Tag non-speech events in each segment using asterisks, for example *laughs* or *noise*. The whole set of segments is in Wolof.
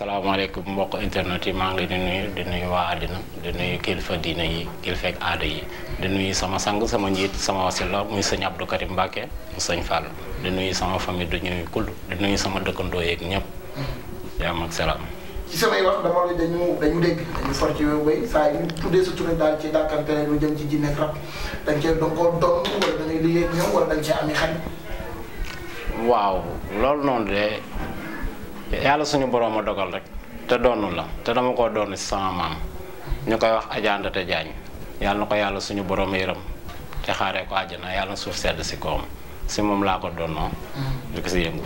salaamaaleykum mbokk internet yi maa ngi di nuyu di waa àddina di kilifa diina yi kilifa ak aada yi di sama sang sama njiit sama wasila muy sëñ Abdou Karim Mbacke mu sëñ Fall di sama famille du ñuy kull di nuyu sama dëkkandoo yeeg ñëpp dañ cee doon koo doon wala da dañ cee am i waaw loolu noonu de. yàlla suñu borom dogal rek te doonu la te dama koo doon si sama maam ñu koy wax Adja Ndate Diagne yàlla na ko yàlla suñu borom yërëm te xaaree ko àjjana yàlla na suuf sedd si koom si moom laa ko doonoo. Mm-hmm.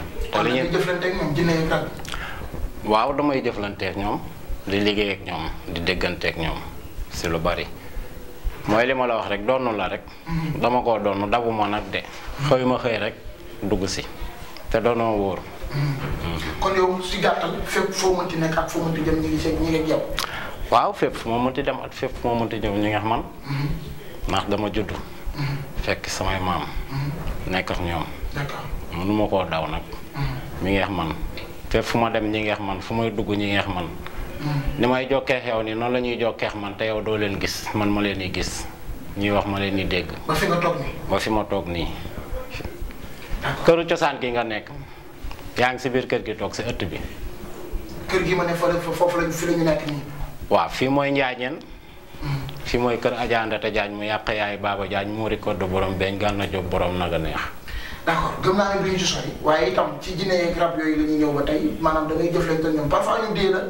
waaw damay jëflanteeg ñoom di liggéey ak ñoom di dégganteeg ñoom si lu bari mooy li la wax rek doonu la rek. Mm-hmm. dama koo doonu dabu ma nag de. Mm-hmm. xëy ma xëy rek dugg si te doonoo wóor. Mm-hmm. kon yow si gàttal mënti nekk ak foo waaw fépp fu ma mënti dem at fépp fu ma mënti jëm ñi nga xam man. Mm-hmm. ndax dama judd. Mm-hmm. fekk samay maam. nekk ñoom. d'accord mënuma koo daw nag. mi ngi xam man fépp fu ma dem ñi nga man fu may dugg ñi nga man. ni may jokkeex yow nii noonu la ñuy jokkeex man te yow doo leen gis man ma leen di gis ñuy wax ma leen di dégg. ba fi ma toog nii. këru cosaan gi nga nekk. yaa ngi si biir kër gi toog si ëtt bi. kër gi ma ne foofu lañ fi lañu nekk nii. waaw fii mooy Njaañeen. Hmm. fii mooy kër Adja Ndata Diagne mu yàq yaay Baba Diagne mu record borom beñ gànna boroom nag a neex. d'accord gëm naa ne du ñu ci sori waaye itam ci jinne yeeg rab yooyu la ñëw ba tey maanaam da ngay jëflante ñoom parfois ñu dee la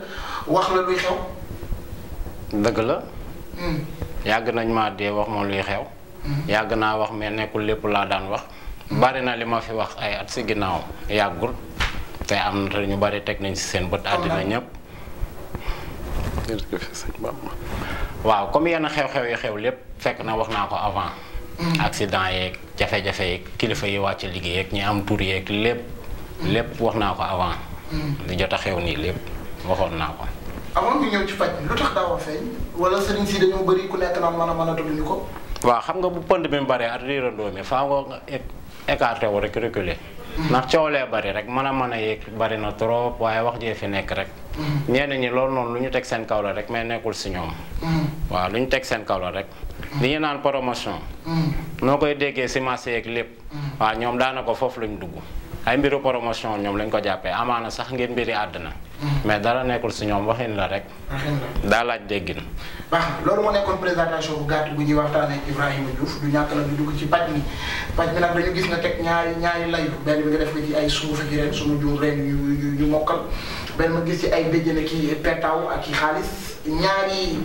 wax la luy xew. dëgg la. Hmm. yàgg nañ maa dee wax ma luy xew. Hmm. yàgg naa wax mais nekkul lépp laa daan wax. bari na li ma fi wax ay ginnaaw yàggul. te am na ñu bari teg nañ ci seen bët àddina ñëpp. waaw comme yenn xew-xew yi xew lépp fekk na wax naa ko avant. Mm. accident yeeg jafe-jafe yeeg kilifa yi wàcc liggéey ak am tur yeeg lépp. Mm. lépp wax naa ko avant. Mm. li jot a xew nii lépp waxoon naa ko. avant ñu ñëw ci faj lu tax daawoo feeñ wala sëriñ si dañoo bëri ku nekk naan mën a mën a tudd ko. waaw xam nga bu pënd mi mu bëree at riirandoo mi faa nga e-, écarté wu rek reculer. ndax coow lee bari rek mën a mën a yéeg bari na trop waaye wax jee fi nekk rek. ñenn ñi lool noonu lu ñu teg seen kaw la rek mais nekkul si ñoom. waaw lu ñu teg seen kaw la rek. li ñu naan promotion. Mm. noo koy déggee si marché yeeg lépp. Mm. waaw ñoom daanaka foofu lañ dugg. ay mbiru promotion ñoom lañ ko jàppee amaana sax ngeen mbiri àddina. Mm-hmm. mais dara nekkul si ñoom waxin la rek. daa laaj déggin. baax loolu moo nekkoon présentation bu gàtt bu ñuy waxtaanee Ibrahima Diouf du ñàkk nag ñu dugg ci paj mi paj nag dañu gis nga teg ñaari ñaari layu benn bi nga def ko ci ay suuf ak ren suñu jur ren yu mokkal benn ma gis ci ay béjjën ki petaaw ak i xaalis ñaari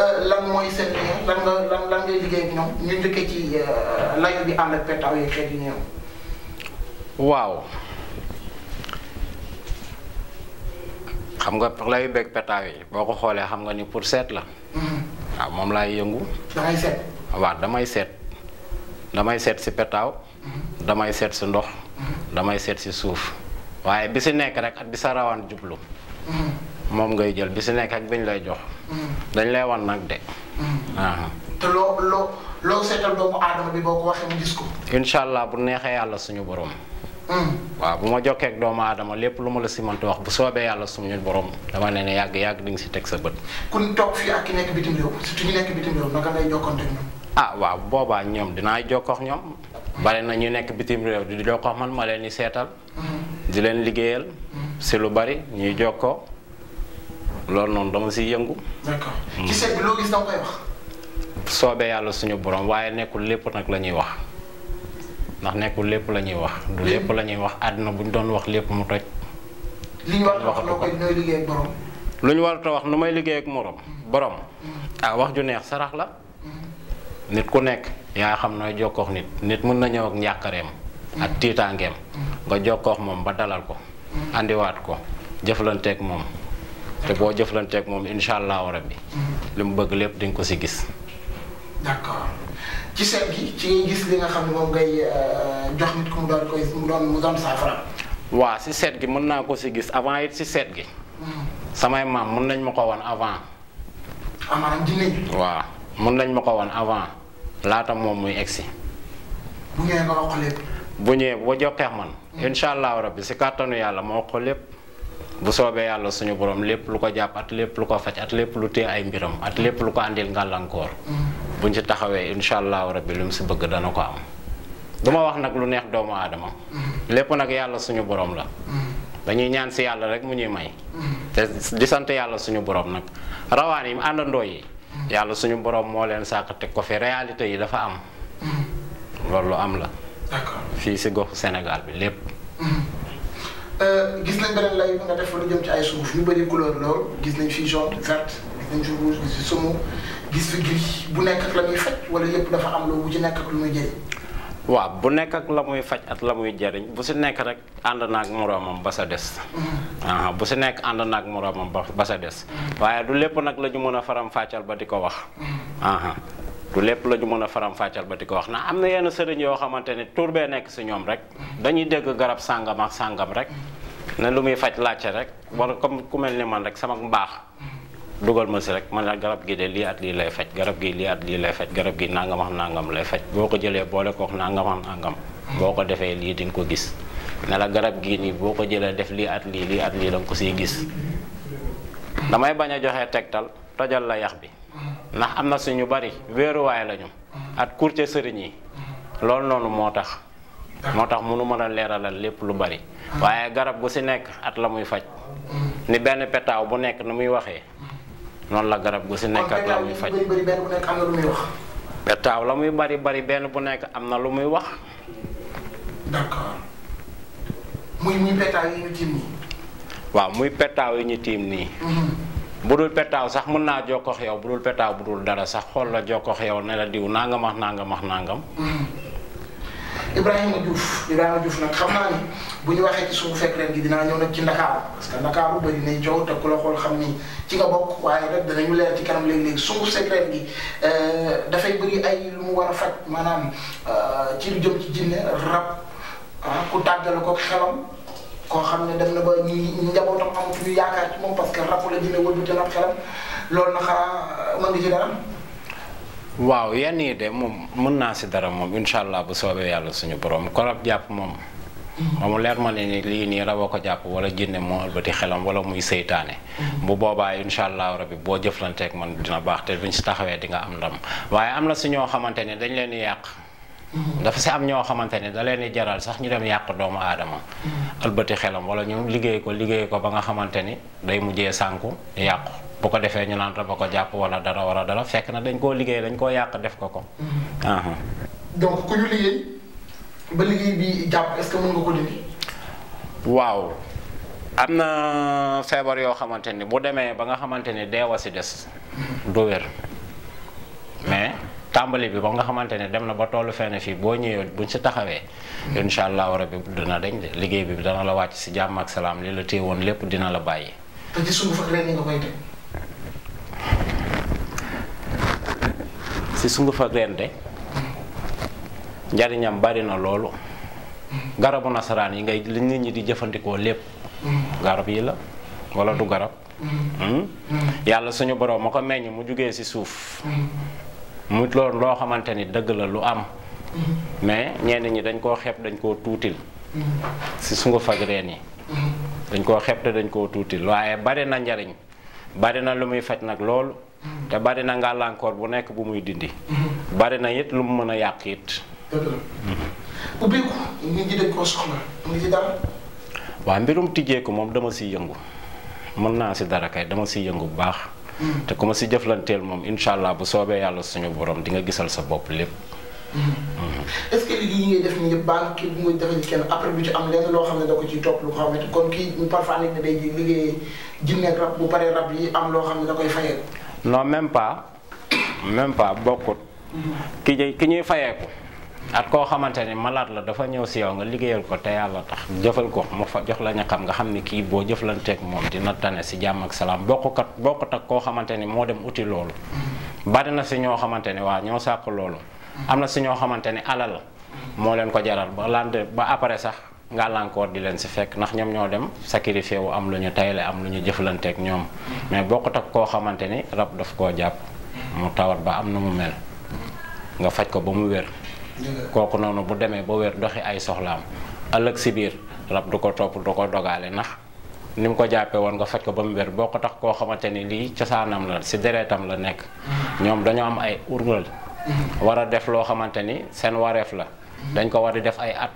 euh, lan mooy seen lan nga lan lan ngay liggéey ak ñoom ñu njëkkee ci euh, layu waaw xam nga layu beeg petaaw yi boo ko xoolee xam nga ni pour seet la. Mm-hmm. waaw moom laay yëngu. damay seet. waaw damay seet damay seet si petaaw. Mm-hmm. damay seet si ndox. Mm-hmm. damay seet si suuf waaye bi si nekk rek ak bi sa rawan jublu. moom ngay jël bi si nekk ak biñ lay jox. dañ lay wan nag de. te loo loo loo seetal doomu aadama bi boo ko waxee mu gis ko. bu neexee yàlla suñu boroom Mm. waaw bu ma jokkee ak doomu aadama lépp lu ma la simante wax bu soobee yàlla suñu borom dama ne ne yàgg yàgg di nga si teg sa bët. kun toog fii ak ki nekk bitim réew surtout ñi ñoom. Ah, dinaa jokkoo ñoom. Mm. bare na ñu nekk bitim réew di jokkoo man ma leen di seetal. Mm. di leen liggéeyal. si lu bari ñuy jokkoo loolu noonu dama si yëngu. d'accord ci seet bi loo gis da koy wax. soobee yàlla suñu borom waaye nekkul lépp nag la ñuy wax. ndax nekkul lépp la ñuy wax. du lépp la ñuy wax àdduna bu ñu doon wax lépp mu toj. li ñu war a wax wax nu may liggéey ak morom borom. Mm-hmm. ah wax ju neex sarax la. Mm-hmm. nit ku nekk yaa xam nooy jokkoox nit nit mën na ñëw ak njàqareem. Mm-hmm. ak tiitaangeem. nga jokkoox moom ba dalal ko. andiwaat ko jëflanteek moom. te boo jëflanteek moom incha allahu rabbi li mu bëgg lépp di ko ci gis. ci seet gi ci ngay gis li nga xam ne moom ngay euh, euh, jox nit ku mu doon koy mu doon mu doon saafara. waaw si seet gi mën naa ko si gis avant it si seet gi. Hmm. samay maam mën nañ ma ko woon avant. waaw mën nañ ma ko woon avant laata moom muy egsi. bu ñëwee nga wax ko lépp. bu ñëwee boo man. Hmm. incha allahu rabbi si kàttanu yàlla ma wax ko lépp. bu soobee yàlla suñu borom lépp lu ko jàpp at lépp lu ko faj at lépp lu téye ay mbiram at lépp lu ko àndil ngàllankoor. Hmm. buñ ci taxawee incha allahu rabbi lu mu si bëgg dana ko am duma wax nag lu neex doomu aadama lépp nag yàlla suñu boroom la dañuy ñaan si yàlla rek mu ñuy may te di sant yàlla suñu boroom nag rawaan yi àndandoo yi yàlla suñu boroom moo leen sàkk teg ko fi réalité yi dafa am loolu am la fii si gox senegal bi lépp gis nañ beneen lay nga def lu jëm ci ay suuf yu bëri couleur lool gis nañ fi jaune verte gis nañ fi rouge gis fi gris bu nekk ak la muy faj wala lépp dafa am lu bu ci nekk ak lu muy jëriñ. waaw bu nekk ak la muy faj ak la muy jëriñ bu si nekk rek ànd naag moroomam ba sa des. Mm-hmm. bu si nekk ànd naag moroomam ba sa des. Mm-hmm. waaye du lépp nag la ñu mën a faram fàccal ba di ko wax. Mm-hmm. lépp la ñu mën a faram fàccal ba di ko wax na am na yenn sëriñ yoo xamante ne tur bee nekk si ñoom rek dañuy dégg garab sàngam ak sàngam rek ne lu muy faj laajte rek wala comme ku mel ni man rek sama mbaax. dugal ma si rek man ne garab gi de lii at lii lay faj garab gi lii at lii lay faj garab gi nangam ak nangam lay faj boo ko jëlee boole ko wax nangam ak boo ko defee lii dinga ko gis ne la garab gi nii boo ko jëlee def lii at lii lii at lii da nga ko siy gis damay bañ a joxe tegtal tojal la yax bi ndax am na si ñu bari wéeruwaay lañu at courte sëriñ yi loolu noonu moo tax moo tax mënu mën a leeralal lépp lu bari waaye garab gu si nekk at la muy faj ni benn bu nekk ni muy waxee noonu la garab gu si nekk ak la muy faj pettaaw la muy bari bari benn bu nekk am na lu muy wax muy muy yi ñu tiim nii waaw muy pettaaw yi ñu tiim nii mm-hmm. bu dul pettaaw sax mun naa jokkox yow bu dul pettaaw bu dara sax xool la jokkox yow ne la diw nàngamax ak nangam ak mm-hmm. Ibrahima Diouf Ibrahima Diouf nag xam naa ni bu ñu waxee ci suñu fekk gi dinaa ñëw nag ci Ndakaaru parce que Ndakaaru bëri nay coow te ku la xool xam ni ci nga bokk waaye nag danañu leer ci kanam léegi-léegi suñu secret gi euh, dafay bëri ay lu war a faj maanaam euh, ci lu jëm ci jinne rab ah ku tàggal ko xelam koo xam ne dem na ba ñi njabootam amatuñu yaakaar ci moom parce que rab la jinne wëlbati na xelam loolu na xanaa mën nga ci dara waaw yenn yi de moom mën naa si dara moom incha bu soobee yàlla suñu borom korab jàpp moom. ba mm-hmm. mu leer ma ne ni lii nii raboo ko jàpp wala jinne moo ëlbati xelam wala muy seytaane. Mm-hmm. bu boobaa incha allah rabi boo jëflanteek man dina baax te buñ si taxawee di nga am ndam waaye am na si ñoo xamante ne dañ leen di yàq. Mm-hmm. dafa si am ñoo xamante ne da leen di jaral sax ñu dem yàq doomu aadama. ëlbati xelam wala ñu liggéey ko liggéey ko ba nga xamante ni day mujjee sànku yàqu. bu ko defee ñu naan raba ko jàpp wala dara wala dara fekk na dañ koo dañ koo yàq def ko ko. donc bi am na feebar yoo xamante ni bu demee ba nga xamante ni deewa si des. du mais. tàmbali bi ba nga xamante ne dem na ba tollu fenn fii boo ñëwee buñ si taxawee incha allahu rabi dina dañ de liggéey bi dana la wàcc si jàmm ak salaam li la téye woon lépp dina la bàyyi. si sunguf ak reen de njariñam bari na loolu garabu nasaraan yi ngay li nit ñi di jëfandikoo lépp garab yi la wala du garab hmm? yàlla suñu boroom mu ko meññ mu jugee si suuf mu loolu loo xamante ni dëgg la lu am mais ñenn ñi dañ koo xeeb dañ koo tuutil si sunguf ak reen yi dañ koo xeeb dañ koo tuutil waaye bari na njariñ bari lu muy faj nag loolu te bari na ngàllankoor bu nekk bu muy dindi. bari na it lu mu mën a yàq it. ubbeeku nit ñi dañ koo soxla mu ngi dara. waaw mbirum tijjeeku moom dama si yëngu mën naa si dara kay dama si yëngu bu baax. Hmm. te ku ma si jëflanteel moom incha allah bu soobee yàlla suñu borom di nga gisal sa bopp lépp. Hmm. est-ce que liggéey def nii yëpp baax kii bu muy defal kenn après bu ci am lenn loo xam ne da ko ciy topp lu ko xamante kon kii parfois nit day liggéey jinne rab non même pas même pas bokkut ki jë ki ñuy fayeeku at koo xamante ni malaat la dafa ñëw si yow nga liggéeyal ko te yàlla tax jëfal ko mu fa jox la ñaqam nga xam ni kii boo jëflanteek moom dina tane si jàmm ak salaam bokkukat bokkut ak koo xamante ni moo dem uti loolu bari na si ñoo xamante ni waa ñoo sàkk loolu am na si ñoo xamante ni alal moo leen ko jaral ba lande ba après sax ngàllankoor di leen si fekk ndax ñoom ñoo dem sacrifié wu am lu ñu tayle am lu ñu jëflanteeg ñoom mais boo ko ak koo xamante ni rab daf koo jàpp mu tawat ba am na mu mel nga faj ko ba mu wér kooku noonu bu demee ba wér doxi ay soxlaam ëllëg si biir rab du ko topp ko dogaale ndax ni ko jàppee woon nga faj ko ba mu wér boo ko tax koo xamante ni lii cosaanam la si dereetam la nekk ñoom dañoo am ay urgal mm-hmm. war def loo xamante ni seen wareef la dañ ko war di def ay at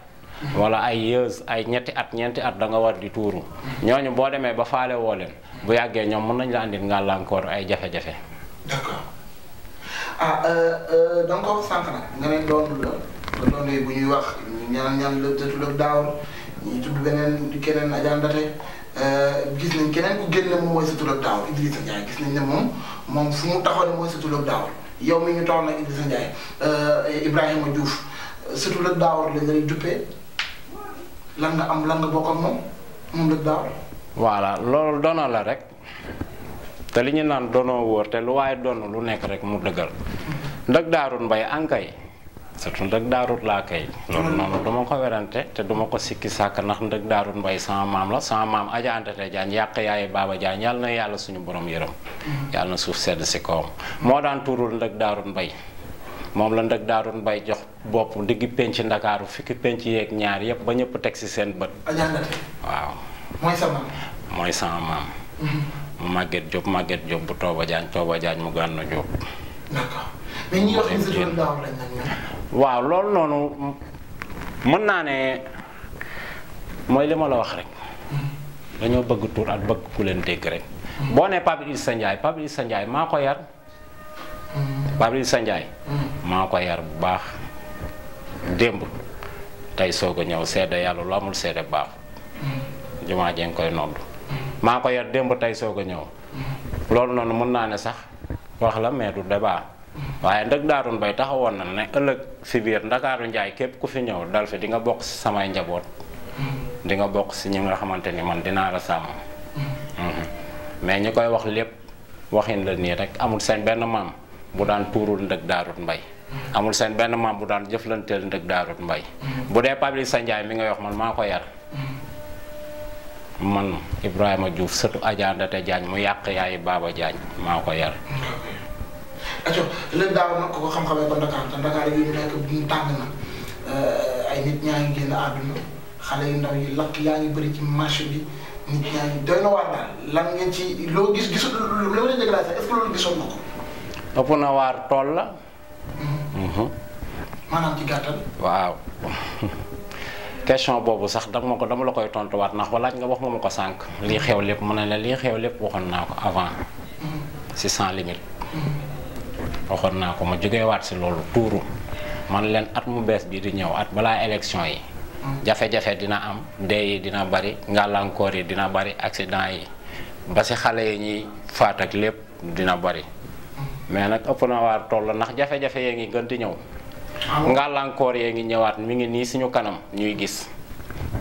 wala ay yees ay ñetti at ñeenti at danga nga war di tuuru ñooñu boo demee ba faale woo leen bu yàggee ñoom mën nañ la andil ngàllankoor ay jafe-jafe. d'accord ah ko euh, euh, sànq nag nga ne doon la doon bu ñuy wax ñaan ñaan la jëtul daaw ñu tudd beneen keneen ajandate euh, gis nañ keneen ku génn moom mooy sutura daaw Idrissa Ndiaye gis nañ ne moom moom fu mu taxaw ne mooy sutura daaw yow mi ñu taxaw nag Idrissa Ndiaye Ibrahima Diouf sutura daaw lañ lan nga am lan nga moom moom la daaw. voilà loolu dono la rek te li ñu naan dono wóor te lu waaye doon lu nekk rek mu dëggal. ndëg daarut mbay ankay surtout ndëg daarut laa kay. loolu mm-hmm. noonu du ko werante te duma ko sikki sàkk ndax ndëg daarut mbay sama maam la sama maam Adja Te Diagne yàq yaayu baaba Diagne yàlla na yàlla suñu borom yërëm. Mm-hmm. yàlla suuf sedd si kawam. moo daan tuurul ndëg daarut mbay. moom la nag daa doon bay jox bopp digg penc ndakaaru fikk penc yeeg ñaar yëpp ba ñëpp teg si seen bët. waaw. mooy sa maam. mooy sama maam. Mhm. mu Maguette Diop Maguette Diop bu Tooba Diagne mu gànn Diop. d'accord mais ñi waaw loolu noonu mën naa ne mooy li ma la wax rek. Mhm. dañoo bëgg tur ak bëgg ku leen dégg rek. Mhm. boo nee Pape Issa Ndiaye Pape Issa Ndiaye maa ko yar. Pape sa Ndiaye. Mm. maa ko yar bu baax démb tey soog a ñëw seede yàlla lu amul seede baax. Mm. jumaa jee koy nodd mm. maa ko yar démb tey soog a ñëw. loolu noonu mun naa ne sax wax la mais du débat waaye ndëg daarun bay taxawoon na ne ëllëg si biir ndakaaru njaay képp ku fi ñëw dal fi di nga bokk si samay njaboot. dinga bokk si ñi nga xamante ni man dinaa la sàmm. Mm-hmm. mais ñu koy wax lépp waxin la nii rek amul seen benn maam. bu daan tuurul ndëg daarut mbay amul seen benn maam bu daan jëflanteel ndëg daarut mbay bu dee Pabli sa Njaay mi nga wax man maa ko yar man Ibrahima Diouf sëtu Adja Ndate Diagne mu yàq yaayu Baba Diagne maa ko yar aco léegi daaw nag ko xam-xamee ba Ndakaar te yi mu mu tàng na euh, ay nit ñaa ngi génn àdduna xale yu ndaw yi lakk yaa ngi bëri ci marché bi nit ñaa ngi doy na waar daal lan ngeen ci loo gis gisul li ma leen dégg sax est-ce que ëpp na waar tool la. Mhm. maanaam ci waaw question boobu sax danga ko dama la koy tontuwaat ndax walaaj nga wax nga ma ko sànq. lii xew lépp mu ne la lii xew lépp waxoon naa ko avant. Mhm. si mhm. waxoon naa ko ma jógewaat si loolu tuuru man leen at mu bees bii di ñëw at balaa élection yi. jafe-jafe dina am dee yi dina bari ngàllankoor yi dina bari accident yi ba si xale yi ñuy faat ak lépp dina bari. mais nag ëpp na waar toll ndax jafe-jafe yee ngi gën di ñëw. ngàllankoor yee ngi ñëwaat mi ngi nii suñu kanam ñuy gis.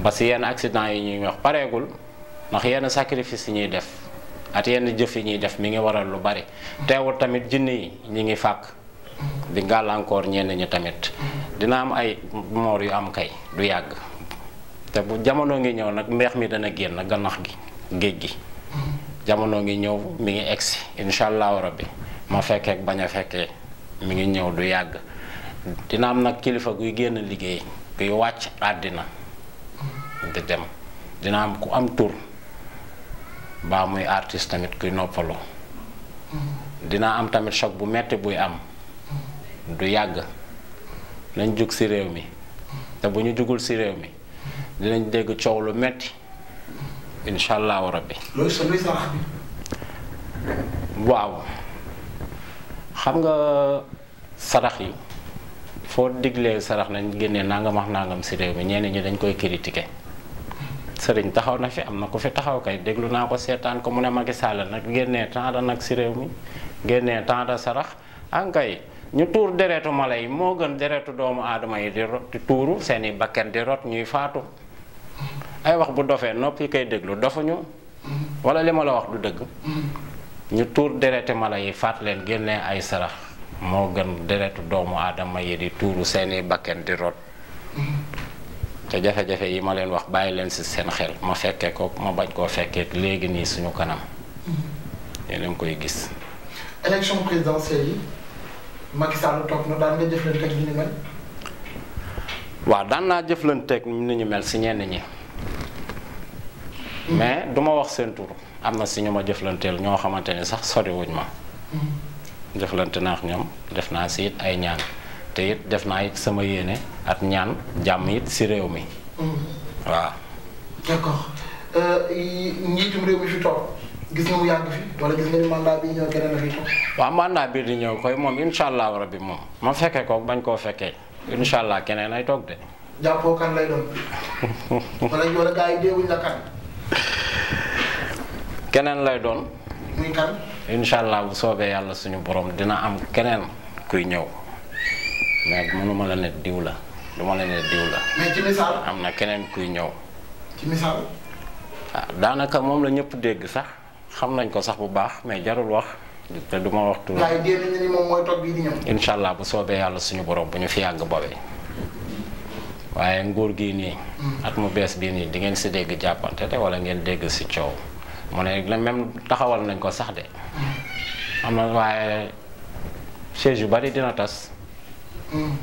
ba si yenn accident yi ñuy wax pareegul ndax yenn sacrifice yi ñuy def at yenn jëf yi ñuy def mi ngi waral lu bari teewul tamit jinn yi ñi ngi fàkk di gàllankoor ñenn ñi tamit dina am ay moor yu am kay du yàgg te bu jamono ngi ñëw nag mbeex mi dana génn ganax gi géej gi jamono ngi ñëw mi ngi egsi incha allahu rabbi ma fekkeek bañ a fekkee mi ngi ñëw du yàgg dina am nag kilifa guy génn liggéey kuy wàcc àddina di dem dina am ku am tur baa muy artiste tamit kuy noppalu dina am tamit choc bu metti buy am du yàgg nañ jug ci réew mi te bu ñu jugul ci réew mi dinañ dégg coow lu metti incha allahu rabbi waaw xam nga sarax yi foo diglee sarax nañ génnee nangam wax nangam si réew mi ñenn ñi dañ koy critiquer sëriñ taxaw na fi am na ku fi taxaw kay déglu naa ko seetaan ko mu ne Macky Sall nag génnee temps nag si réew mi génnee temps de sarax ankay ñu tuur deretu mala yi moo gën deretu doomu aadama yi di rot di tuuru seen i bakken di rot ñuy faatu ay wax bu dofee noppi kay déglu dofuñu wala li ma la wax du dëgg ñu tuur deretu mala yi faat leen génnee ay sarax moo gën deretu doomu aadama yi di tuuru seeni bakken di rot te jafe-jafe yi ma leen wax bàyyi leen ci seen xel ma fekkee ko ma bañ koo fekkee léegi nii suñu kanam ñu leen koy gis élection présidentielle yi Macky toog na daan nga jëflanteeg ñu mel waaw daan naa jëflanteeg ni ñu mel ci ñenn ñi mais du ma wax seen tur am na si ñu ma jëflanteel ñoo xamante ni sax sori wuñ ma. Mm-hmm. jëflante naax ñoom def naa si it ay ñaan te it def naa it sama yéene ak ñaan jàmm it si réew mi. Mm-hmm. waaw. d'accord euh, njiitum bi di ñëw koy moom incha allah rabi moom ma fekkee ko bañ koo fekkee incha keneen ay toog de. jàppoo kan lay doon. *laughs* wala wala gars yi deewuñ la kan. keneen lay doon. muy allah bu soobee yàlla suñu borom dina am keneen kuy ñëw mais mënuma la ne diw la du ma la ne diw la. am na keneen kuy ñëw. Ah, daanaka moom la ñëpp dégg sax xam nañ ko sax bu baax mais jarul wax te du ma wax. bu soobee yàlla suñu borom bu ñu fi yàgg boobee. waaye nguur gii nii. Hmm. at mu bees bii nii di ngeen si dégg jàppante te wala ngeen dégg si coow. mu ne la même taxawal nañ ko sax de am na waaye chaise yu bari dina tas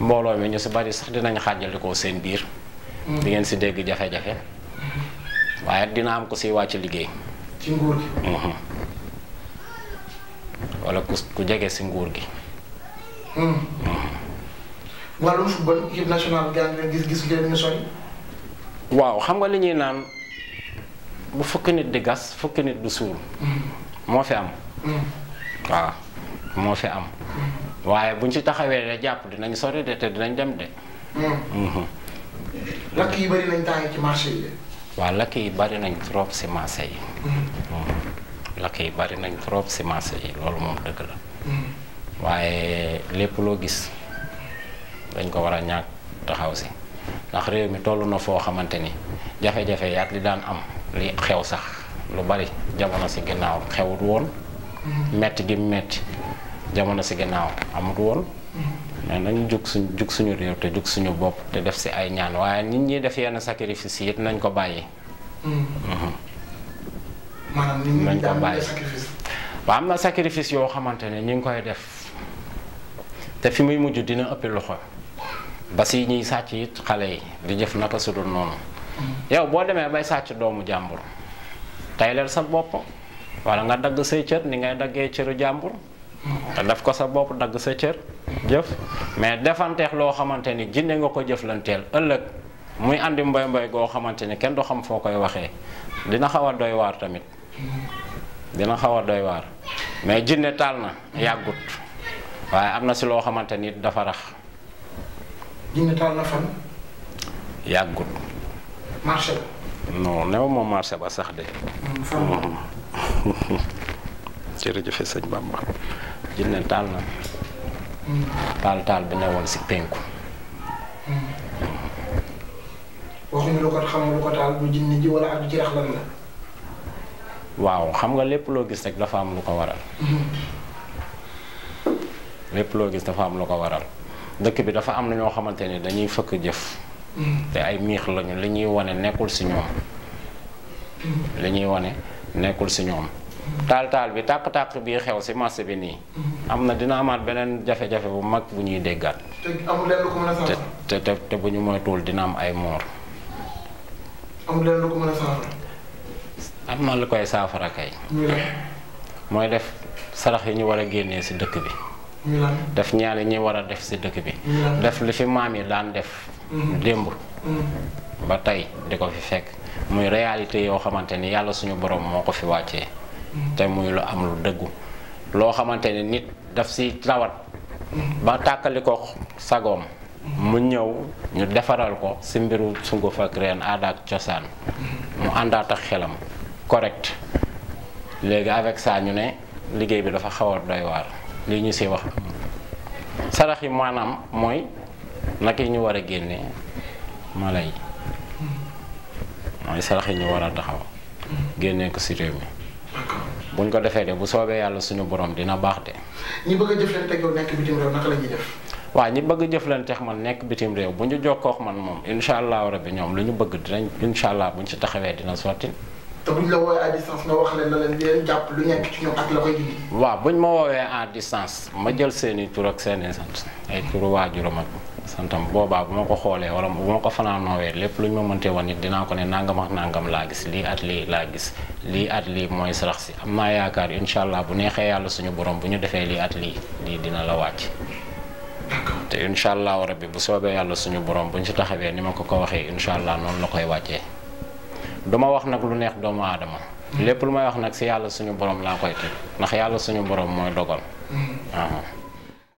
mbooloo mi ñu si bari sax dinañ xaajalikoo seen biir di ngeen si dégg jafe-jafe waaye dina am ku si wàcc liggéey ci nguur gi mhm. wala ku ku jege si nguur gi hmm. mhm. waaw xam nga li ñuy naan bu fukki nit di gas fukki nit du suul moo fi am waaw moo fi am waaye buñ ci taxawee de jàpp dinañ sori de te dinañ dem de mhm. lakk yi bari nañ lakk yi bari nañ trop si marché yi mhm. Mhm. lakk yi bari nañ trop si marché yi loolu moom dëgg la waaye lépp loo gis dañ ko war a ñàkk taxaw si ndax réew mi toll na foo xamante ni jafe-jafe yaat li daan am li xew sax lu bari jamono si ginnaaw xewut woon mm-hmm. metti gi metti jamono si ginnaaw amut woon mm-hmm. mais nañ jug suñ suñu réew te jug suñu bopp te def si ay ñaan waaye nit ñi def yenn sacrifice yi nañ ko bàyyi mm-hmm. maanaam nit nañ ko sacrifice waaw am na sacrifice yoo xamante ne ñu ngi koy def te fi muy mujj dina ëpp loxo ba si ñuy sàcc it xale yi di jëf naka su noonu yow boo demee bay sàcc doomu jàmbur tayleel sa bopp wala nga dagg say cër ni ngay daggee cëru jàmbur te def ko sa bopp dagg sa cër jëf mais defanteex loo xamante ni jinne nga ko jëflanteel ëllëg muy andi mbay mbay goo xamante ni kenn du xam foo koy waxee dina xaw a doy waar tamit dina xaw a doy waar mais jinne taal na yàggut waaye am na si loo xamante ni dafa rax jinne yàggut marché ba. non néew ma ba sax de. Mm, fan mm. *laughs* jërëjëf sëñ Bamba. jinne taal na. Mm. taal taal bi newoon si penku. waaw xam nga lépp loo gis rek dafa am lu ko waral. Mm-hmm. lépp loo gis dafa am lu ko waral. dëkk bi dafa am na ñoo xamante ne dañuy fëkk jëf. te ay miix lañu li ñuy wone nekkul si ñoom li ñuy nekkul si ñoom taal taal bi tàkk tàq bii xew si marché bi nii am na dina amaat beneen jafe-jafe bu mag bu ñuy déggaat te te te bu ñu moytuwul dina am ay moor a saafara am na lu koy saafara kay mooy def sarax yi ñu war a génnee si dëkk bi def ñaar yi ñuy war a def si dëkk bi def li fi maam yi daan def Mm-hmm. démb mm-hmm. ba tey di ko fi fekk muy réalité yoo xamante ni yàlla suñu boroom moo ko fi wàccee mm-hmm. te muy lu am lu dëggu loo xamante ni nit daf si tawat ba tàkkali ko sagoom mu ñëw ñu defaral ko si mbiru sunguf ak reen aada cosaan ñu àndaat xelam correct léegi avec saa ñu ne liggéey bi dafa xaw doy waar lii ñu si wax sarax yi maanaam mooy nag yi ñu war a génne mala yi sarax yi ñu war a taxaw génne ko si réew mi buñ ko defee de bu soobee yàlla suñu borom dina baax de. ñi bëgg a jëflante ak yow ñi bëgg a jëflanteex man nekk bitim réew bu ñu jokkoo man moom incha allahu rabi ñoom lu ñu bëgg dinañ incha allah bu buñ si taxawee dina sotti. te buñ la woowee à distance nga wax leen na leen jàpp lu nekk ci ñoom ak la koy dindi. waaw buñ ma woowee en distance ma jël seeni i tur ak seen sant ay turu waajuram santam boobaa bu ma ko xoolee wala bu ma ko fanaanoowee lépp lu ñu ma mënte woon it ko ne nangam ak laa gis lii at lii laa gis lii at lii mooy sarax si am naa yaakaar incha allah bu neexee yàlla suñu borom bu ñu defee lii at dina la wàcc te incha allahu rabbi bu soobee yàlla suñu borom bu ñu si taxawee ni ma ko ko waxee incha allah noonu la koy wàccee duma wax nag lu neex doomu aadama hmm. lépp lu may wax nag si yàlla suñu borom laa koy teg ndax yàlla suñu borom mooy dogal hmm.